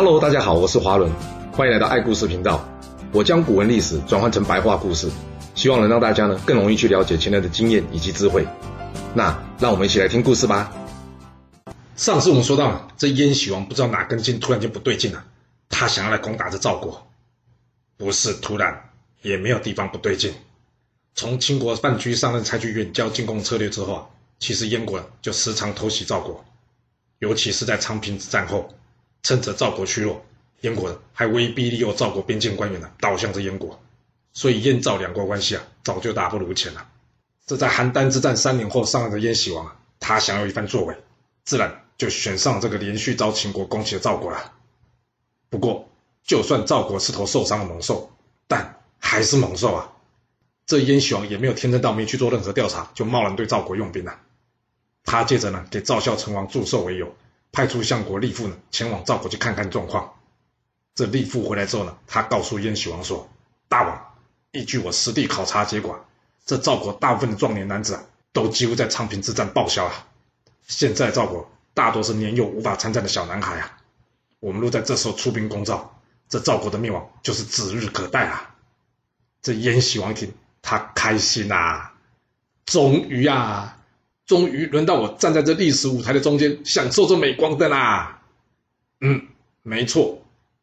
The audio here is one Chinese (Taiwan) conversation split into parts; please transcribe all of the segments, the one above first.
哈嘍，Hello, 大家好，我是華倫，歡迎來到愛故事頻道。我將古文歷史轉換成白話故事，希望能讓大家呢更容易去了解前人的經驗以及智慧。那讓我們一起來聽故事吧。上次我們說到，這燕喜王不知道哪根筋突然就不對勁了，他想要來攻打這趙國，不是突然，也沒有地方不對勁。從秦國范雎上任採取遠交近攻策略之後啊，其實燕國就時常偷襲趙國，尤其是在長平之戰後。趁着趙國虛弱，燕國還威逼利誘趙國邊境官員呢，倒向着燕國，所以燕趙兩國關係啊，早就大不如前了。這在邯鄲之戰三年後上任的燕喜王，他想要一番作為，自然就選上了這個連續遭秦國攻擊的趙國了。不過，就算趙國是頭受傷的猛獸，但還是猛獸啊！這燕喜王也沒有天真到沒去做任何調查，就貿然對趙國用兵了。他借着呢給趙孝成王祝壽為由。派出相國栗腹呢，前往趙國去看看狀況。這栗腹回來之後呢，他告訴燕喜王說：“大王，依據我實地考察結果，這趙國大部分的壯年男子啊，都幾乎在長平之戰報銷啊。現在趙國大多是年幼無法參戰的小男孩啊。我們若在這時候出兵攻趙，這趙國的滅亡就是指日可待啊。”這燕喜王一聽，他開心啊，終於啊！終於輪到我站在這歷史舞台的中間，享受這鎂光燈啦，啊！嗯，沒錯，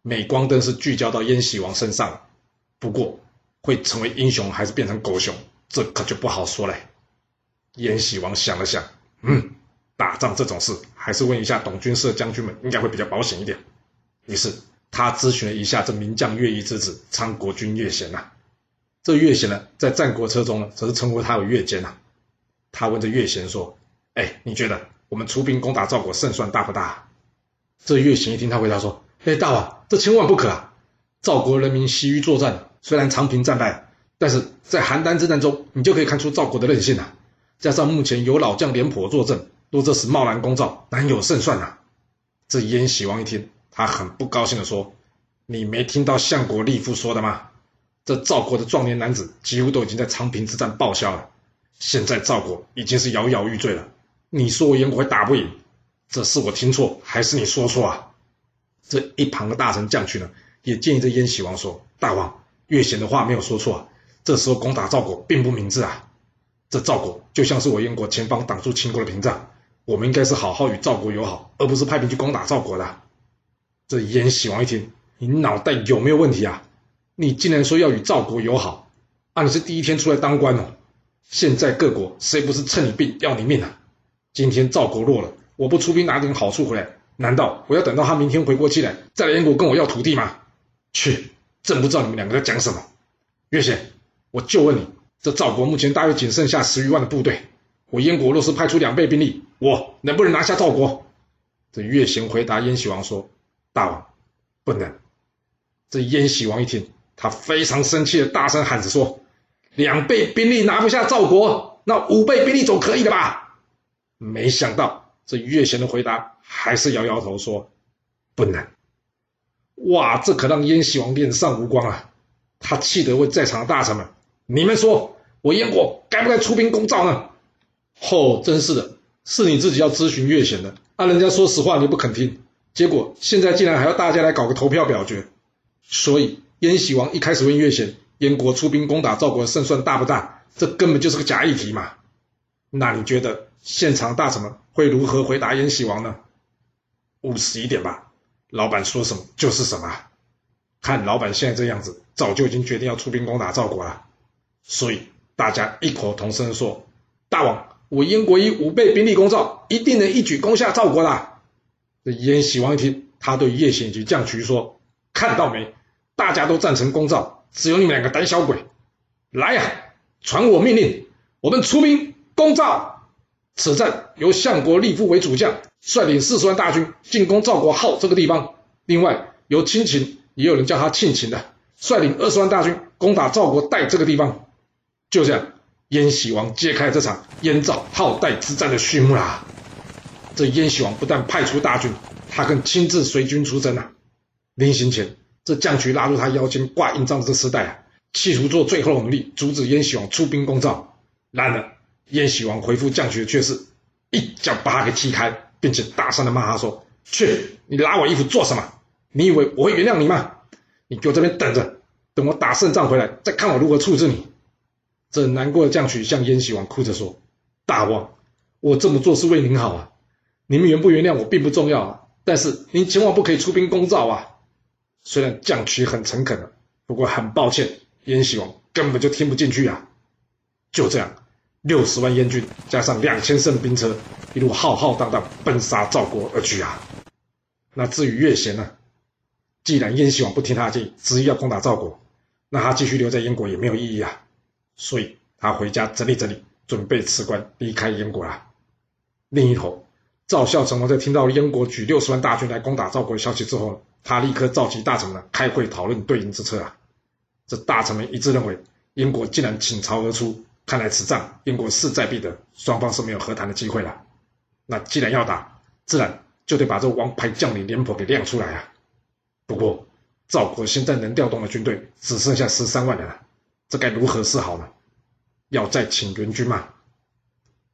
鎂光燈是聚焦到燕喜王身上了。不過，會成為英雄還是變成狗熊，這可就不好說了。燕喜王想了想，嗯，打仗這種事，還是問一下董軍社的將軍們，應該會比較保險一點。於是他諮詢了一下這名將樂毅之子昌國君樂閒吶。這樂閒呢，在戰國策中呢，則是稱呼他為樂間吶。他問着樂間說：“哎，你覺得我們出兵攻打趙國，勝算大不大？”這樂間一聽，他回答說：“哎，大王，這千萬不可啊！趙國人民習於作戰，雖然長平戰敗，但是在邯鄲之戰中，你就可以看出趙國的韌性啊。加上目前有老將廉頗坐鎮，若這時貿然攻趙，難有勝算啊。”這燕喜王一聽，他很不高興的說：“你沒聽到相國栗腹說的嗎？這趙國的壯年男子幾乎都已經在長平之戰報銷了。”現在趙國已經是搖搖欲墜了，你說我燕國還打不贏？這是我聽錯還是你說錯啊？這一旁的大臣將渠呢，也建議這燕喜王說：“大王，樂閒的話沒有說錯啊。這時候攻打趙國並不明智啊。這趙國就像是我燕國前方擋住秦國的屏障，我們應該是好好與趙國友好，而不是派兵去攻打趙國的。”這燕喜王一聽，你腦袋有沒有問題啊？你竟然說要與趙國友好？啊，你是第一天出來當官哦？現在各國誰不是趁你病要你命啊？今天趙國弱了，我不出兵拿點好處回來，難道我要等到他明天回過氣來，再來燕國跟我要土地嗎？去，朕不知道你們兩個在講什麼。樂閒，我就問你，這趙國目前大約僅剩下十餘萬的部隊，我燕國若是派出兩倍兵力，我能不能拿下趙國？這樂閒回答燕喜王說：“大王，不能。”這燕喜王一聽，他非常生氣的大聲喊着說。兩倍兵力拿不下趙國，那五倍兵力總可以的吧？沒想到這樂閒的回答還是搖搖頭說：“不能。”哇，這可讓燕喜王臉上無光啊！他氣得問在場的大臣們：“你們說我燕國該不該出兵攻趙呢？”哦，真是的，是你自己要諮詢樂閒的，那人家說實話你不肯聽，結果現在竟然還要大家來搞個投票表決。所以燕喜王一開始問樂閒。燕國出兵攻打趙國，勝算大不大？這根本就是個假議題嘛！那你覺得現場大臣們會如何回答燕喜王呢？務實一點吧，老板說什麼就是什麼。看老板現在這樣子，早就已經決定要出兵攻打趙國了。所以大家異口同聲說：“大王，我燕國以五倍兵力攻趙，一定能一舉攻下趙國的。”這燕喜王一聽，他對也獻計將渠說：“看到沒，大家都贊成攻趙。”只有你們兩個膽小鬼，來呀、啊！傳我命令，我們出兵攻趙。此戰由相國栗腹為主將，率領四十萬大軍進攻趙國鄗這個地方。另外，由卿秦，也有人叫他卿秦的，率領二十萬大軍攻打趙國代這個地方。就這樣，燕喜王揭開了這場燕趙鄗代之戰的序幕啦。這燕喜王不但派出大軍，他更親自隨軍出征吶、啊。臨行前。這將渠拉住他腰間掛印章的絲帶啊，企圖做最後的努力阻止燕喜王出兵攻趙，然而燕喜王回復將渠的卻是，一腳把他給踢開，並且大聲的罵他說：“去，你拉我衣服做什麼？你以為我會原諒你嗎？你給我這邊等着，等我打勝仗回來再看我如何處置你。”這難過的將渠向燕喜王哭着說：“大王，我這麼做是為您好啊，你們原不原諒我並不重要啊，但是您千萬不可以出兵攻趙啊。”雖然將渠很誠懇了，不過很抱歉，燕喜王根本就聽不進去啊，就這樣，六十萬燕軍加上兩千乘兵車，一路浩浩蕩蕩奔殺趙國而去啊。那至於樂閒呢？既然燕喜王不聽他的建議，執意要攻打趙國，那他繼續留在燕國也沒有意義啊。所以他回家整理整理，準備辭官離開燕國啊。另一頭。趙孝成王在聽到燕國舉六十萬大軍來攻打趙國的消息之後，他立刻召集大臣們開會討論對應之策啊！這大臣們一致認為，燕國既然傾巢而出，看來此戰燕國勢在必得，雙方是沒有和談的機會了。那既然要打，自然就得把這王牌將領廉頗給亮出來啊！不過趙國現在能調動的軍隊只剩下十三萬人了，這該如何是好呢？要再請援軍嗎？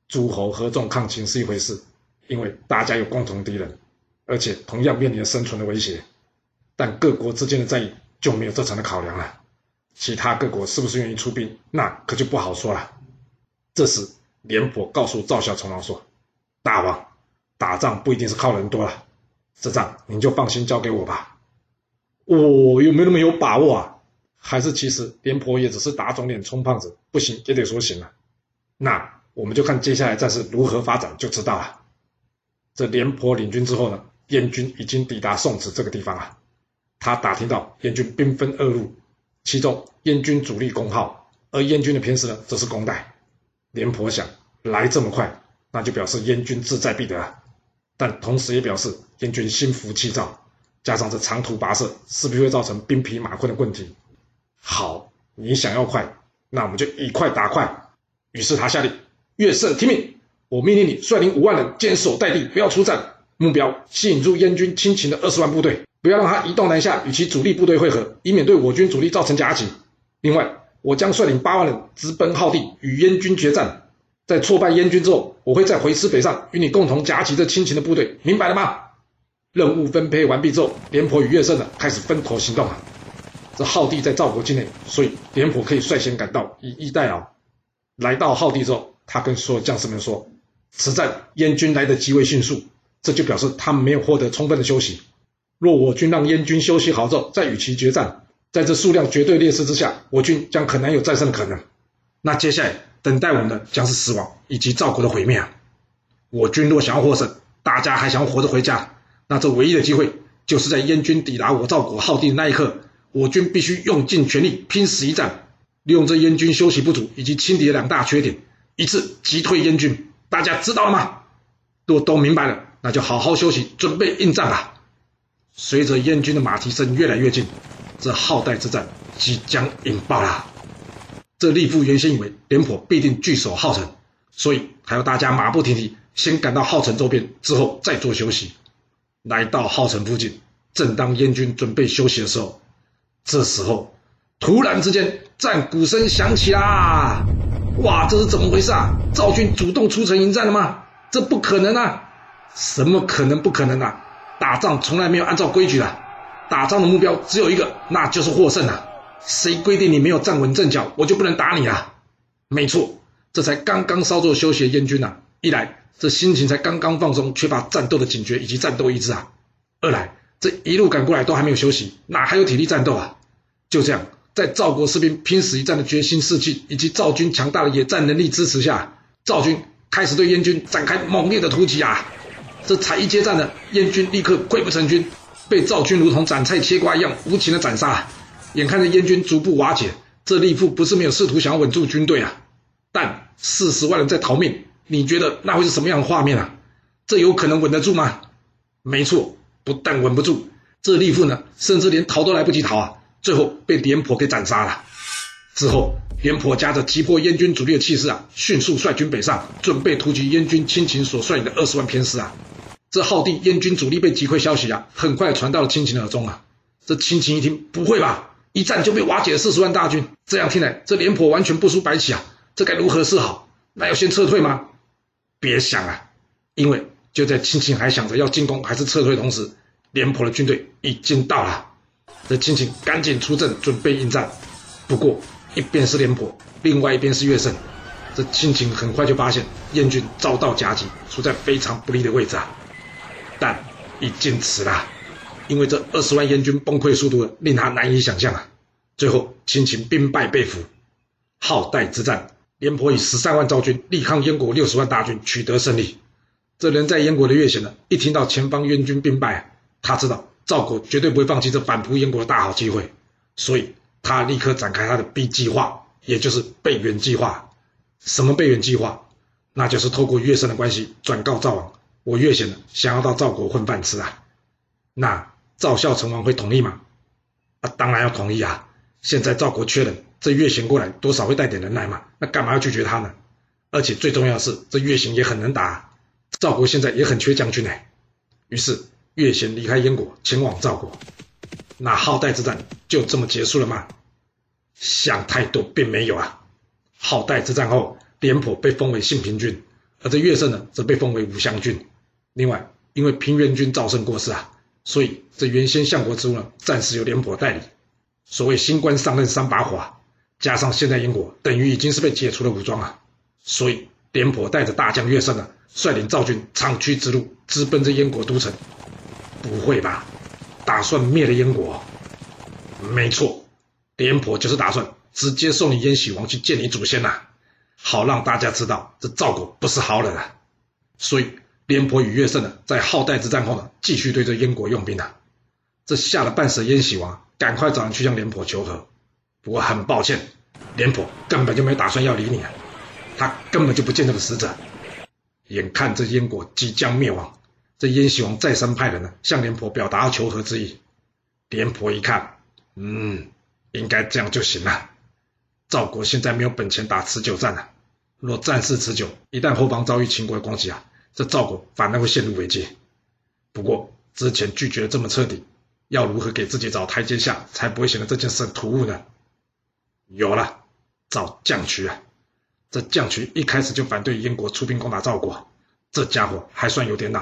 諸侯合縱抗秦是一回事。因為大家有共同敵人，而且同樣面臨生存的威脅，但各國之間的戰役就沒有這層的考量了。其他各國是不是願意出兵，那可就不好說了。這時，廉頗告訴趙孝成王說：“大王，打仗不一定是靠人多了，這仗您就放心交給我吧。我、哦、有沒有那麼有把握啊？還是其實廉頗也只是打腫臉充胖子，不行也得說行了。那我們就看接下來戰事如何發展就知道了。”這廉頗領軍之後呢，燕軍已經抵達宋子這個地方啊。他打聽到燕軍兵分二路，其中燕軍主力攻鄗，而燕軍的偏師呢，則是攻代。廉頗想來這麼快，那就表示燕軍志在必得啊，但同時也表示燕軍心浮氣躁，加上這長途跋涉，勢必會造成兵疲馬困的問題。好，你想要快，那我們就以快打快。於是他下令，樂乘聽命。我命令你率領五萬人堅守待敵，不要出戰。目標吸引住燕軍卿秦的二十萬部隊，不要讓他移動南下，與其主力部隊會合，以免對我軍主力造成夾擊。另外，我將率領八萬人直奔鄗地，與燕軍決戰。在挫敗燕軍之後，我會再回師北上，與你共同夾擊這卿秦的部隊。明白了嗎？任務分配完畢之後，廉頗與樂乘呢開始分頭行動了。這鄗地在趙國境內，所以廉頗可以率先趕到以逸待勞。來到鄗地之後，他跟所有將士們說。此戰燕軍來得極為迅速，這就表示他們沒有獲得充分的休息。若我軍讓燕軍休息好之後，再與其決戰，在這數量絕對劣勢之下，我軍將很難有戰勝的可能。那接下來等待我們的將是死亡，以及趙國的毀滅啊！我軍若想要獲勝，大家還想要活着回家，那這唯一的機會就是在燕軍抵達我趙國鄗地的那一刻，我軍必須用盡全力拼死一戰，利用這燕軍休息不足以及輕敵的兩大缺點，一次擊退燕軍。.大家知道了嗎？都都明白了！那就好好休息，準備應戰啊！隨着燕軍的馬蹄聲越來越近，這鄗代之戰即將引爆啦！這栗腹原先以為廉頗必定據守鄗城，所以還要大家馬不停蹄，先趕到鄗城周邊，之後再做休息。來到鄗城附近，正當燕軍準備休息的時候，這時候突然之間戰鼓聲響起啦！哇，這是怎麼回事啊？趙軍主動出城迎戰了嗎？這不可能啊！什麼可能不可能啊？打仗從來沒有按照規矩的啊，打仗的目標只有一個，那就是獲勝啊！誰規定你沒有站穩陣腳，我就不能打你啊？沒錯，這才剛剛稍作休息的燕軍吶啊，一來這心情才剛剛放鬆，缺乏戰鬥的警覺以及戰鬥意志啊；二來這一路趕過來都還沒有休息，哪還有體力戰鬥啊？就這樣。在趙國士兵拼死一戰的決心、士氣，以及趙軍強大的野戰能力支持下，趙軍開始對燕軍展開猛烈的突擊啊！這才一接戰呢，燕軍立刻潰不成軍，被趙軍如同斬菜切瓜一樣無情的斬殺啊。眼看着燕軍逐步瓦解，這栗腹不是沒有試圖想要穩住軍隊啊，但四十萬人在逃命，你覺得那會是什麼樣的畫面啊？這有可能穩得住嗎？沒錯，不但穩不住，這栗腹呢，甚至連逃都來不及逃啊！最後被廉頗給斬殺了。之後，廉頗挾著擊破燕軍主力的氣勢啊，迅速率軍北上，準備突擊燕軍卿秦所率領的二十萬偏師啊。這鄗地燕軍主力被擊潰消息啊，很快傳到了卿秦的耳中啊。這卿秦一聽，不會吧？一戰就被瓦解了四十萬大軍，這樣聽來，這廉頗完全不輸白起啊。這該如何是好？那要先撤退嗎？別想啊，因為就在卿秦還想着要進攻還是撤退同時，廉頗的軍隊已經到了。這卿秦趕緊出陣準備應戰，不過一邊是廉頗，另外一邊是樂乘，這卿秦很快就發現燕軍遭到夾擊，處在非常不利的位置啊。但已經遲了啊，因為這二十萬燕軍崩潰速度令他難以想象啊。最後卿秦兵敗被俘，鄗代之戰，廉頗以十三萬趙軍力抗燕國六十萬大軍，取得勝利。這人在燕國的樂閒呢，一聽到前方燕軍兵敗，他知道。趙國絕對不會放棄這反撲燕國的大好機會，所以他立刻展開他的 B 計劃，也就是備援計劃。什麼備援計劃？那就是透過樂乘的關係轉告趙王，我樂閒想要到趙國混飯吃啊。那趙孝成王會同意嗎？啊，當然要同意啊。現在趙國缺人，這樂閒過來多少會帶點人來嘛。那幹嘛要拒絕他呢？而且最重要的是，這樂閒也很能打、啊，趙國現在也很缺將軍呢、哎，於是。樂閒離開燕國，前往趙國。那鄗代之戰就這麼結束了嗎？想太多，並沒有啊。鄗代之戰後，廉頗被封為信平君，而這樂乘呢，則被封為武襄君。另外，因為平原君趙勝過世啊，所以這原先相國之位暫時由廉頗代理。所謂新官上任三把火啊，加上現在燕國等於已經是被解除了武裝啊，所以廉頗帶着大將樂乘呢，率領趙軍長驅直入，直奔着燕國都城。不會吧？打算滅了燕國？沒錯，廉頗就是打算直接送你燕喜王去見你祖先吶、啊，好讓大家知道這趙國不是好惹的啊。所以廉頗與樂乘呢，在鄗代之戰後呢，繼續對這燕國用兵啊。這嚇了半死的燕喜王，趕快找人去向廉頗求和。不過很抱歉，廉頗根本就沒打算要理你啊，他根本就不見這個使者。眼看這燕國即將滅亡。這燕喜王再三派人呢，向廉頗表達要求和之意。廉頗一看，嗯，應該這樣就行了。趙國現在沒有本錢打持久戰了啊，若戰事持久，一旦後方遭遇秦國的攻擊啊，這趙國反而會陷入危機。不過之前拒絕了這麼徹底，要如何給自己找台階下，才不會顯得這件事很突兀呢？有了，找將渠啊！這將渠一開始就反對燕國出兵攻打趙國，這家伙還算有點腦。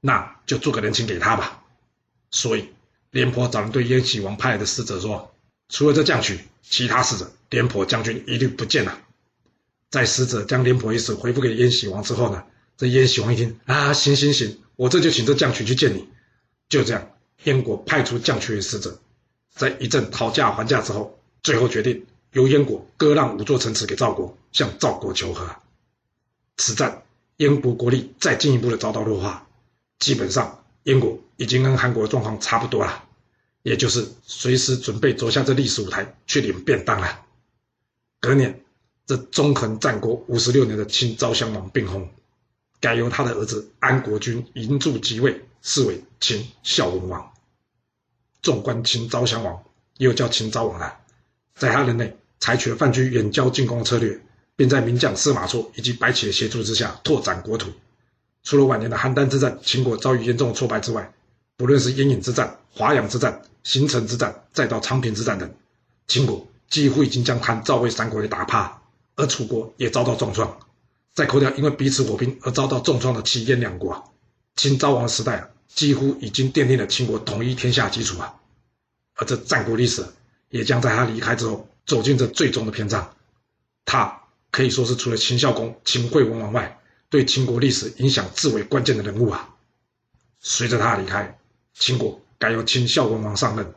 那就做個人情給他吧，所以廉頗找人對燕喜王派來的使者說：“除了這將曲，其他使者，廉頗將軍一律不見了。”在使者將廉頗一事回復給燕喜王之後呢，這燕喜王一聽啊，行行行，我這就請這將曲去見你。就這樣，燕國派出將曲的使者，在一陣討價還價之後，最後決定由燕國割讓五座城池給趙國，向趙國求和。此戰，燕國國力再進一步的遭到弱化。基本上，燕國已經跟韓國狀況差不多了，也就是隨時準備走下這歷史舞台去領便當了。隔年，這縱橫戰國五十六年的秦昭襄王病薨，改由他的兒子安國君嬴柱即位，是為秦孝文王。縱觀秦昭襄王，又叫秦昭王了，在他任內採取了范雎遠交近攻策略，並在名將司馬錯以及白起的協助之下拓展國土。除了晚年的邯鄲之戰，秦國遭遇嚴重的挫敗之外，不論是鄢郢之戰、華陽之戰、新城之戰，再到長平之戰等，秦國幾乎已經將韓趙魏三國給打趴，而楚國也遭到重創。再扣掉因為彼此火拼而遭到重創的齊燕兩國，秦昭王時代幾乎已經奠定了秦國統一天下基礎啊！而這戰國歷史也將在他離開之後走進這最終的篇章。他可以說是除了秦孝公、秦惠文王外，對秦國歷史影響至為關鍵的人物啊，隨着他離開，秦國改由秦孝文王上任。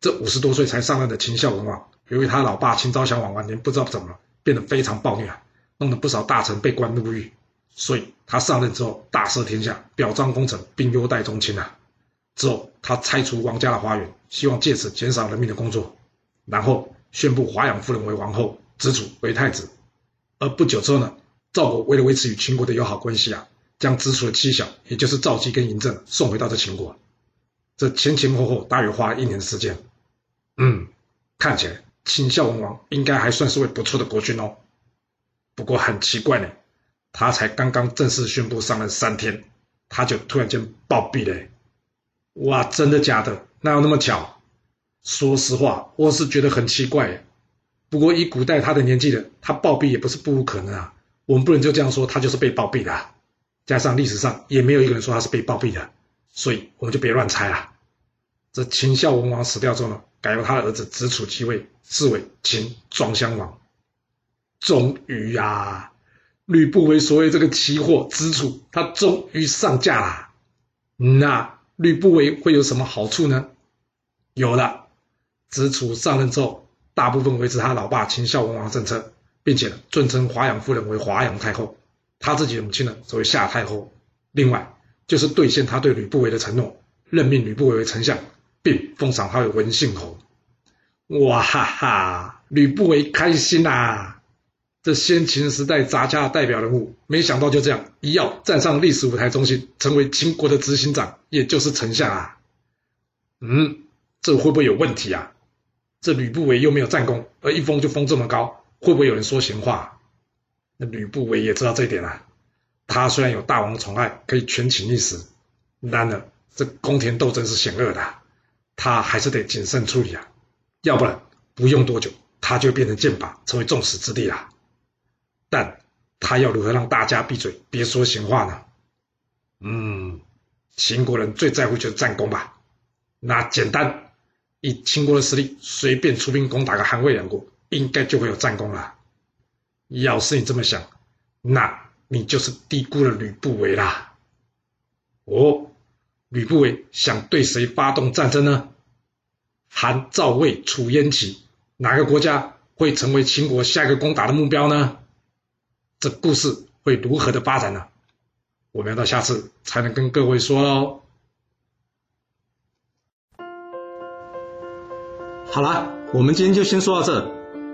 這五十多歲才上任的秦孝文王，由於他老爸秦昭襄王晚年不知道怎麼了，變得非常暴虐啊，弄得不少大臣被關入獄。所以他上任之後大赦天下，表彰功臣，並優待宗親啊。之後他拆除王家的花園，希望借此減少人民的工作。然後宣布華陽夫人為王後，子楚為太子。而不久之後呢？.趙國為了維持與秦國的友好關係啊，將子楚的妻小，也就是趙姬跟嬴政，送回到這秦國。這前前後後大約花了一年時間。嗯，看起來秦孝文王應該還算是位不錯的國君哦。不過很奇怪呢，他才剛剛正式宣布上任三天，他就突然間暴斃了。哇，真的假的？哪有那麼巧？說實話，我是覺得很奇怪耶。不過以古代他的年紀的，他暴斃也不是不可能啊。我們不能就這樣說他就是被暴斃的，啊，加上歷史上也沒有一個人說他是被暴斃的，所以我們就別亂猜了。這秦孝文王死掉之後呢，改由他的兒子子楚繼位，是為秦莊襄王。終於呀，啊，呂不韋所謂這個奇貨子楚，他終於上架啦，那呂不韋會有什麼好處呢？有了，子楚上任之後，大部分維持他老爸秦孝文王政策。並且尊稱華陽夫人為華陽太後，她自己的母親呢，則為夏太後。另外，就是兌現他對呂不韋的承諾，任命呂不韋為丞相，並封賞他為文信侯。哇哈哈！呂不韋開心啊，這先秦時代雜家的代表人物，沒想到就這樣一躍站上歷史舞台中心，成為秦國的執行長，也就是丞相啊。嗯，這會不會有問題啊？這呂不韋又沒有戰功，而一封就封這麼高？會不會有人說閒話？那呂不韋也知道這一點啊，他雖然有大王的寵愛，可以權傾一時，然而這宮廷鬥爭是險惡的，他還是得謹慎處理啊。要不然，不用多久，他就變成箭靶，成為眾矢之的啊。但他要如何讓大家閉嘴，別說閒話呢？嗯，秦國人最在乎就是戰功吧。那簡單，以秦國的實力，隨便出兵攻打個韓魏兩國。應該就會有戰功了。要是你這麼想，那你就是低估了呂不韋啦。哦，呂不韋想對誰發動戰爭呢？韓、趙、魏、楚、燕、齊，哪個國家會成為秦國下一個攻打的目標呢？這故事會如何的發展呢？我們要到下次才能跟各位說囉。好啦，我們今天就先說到這。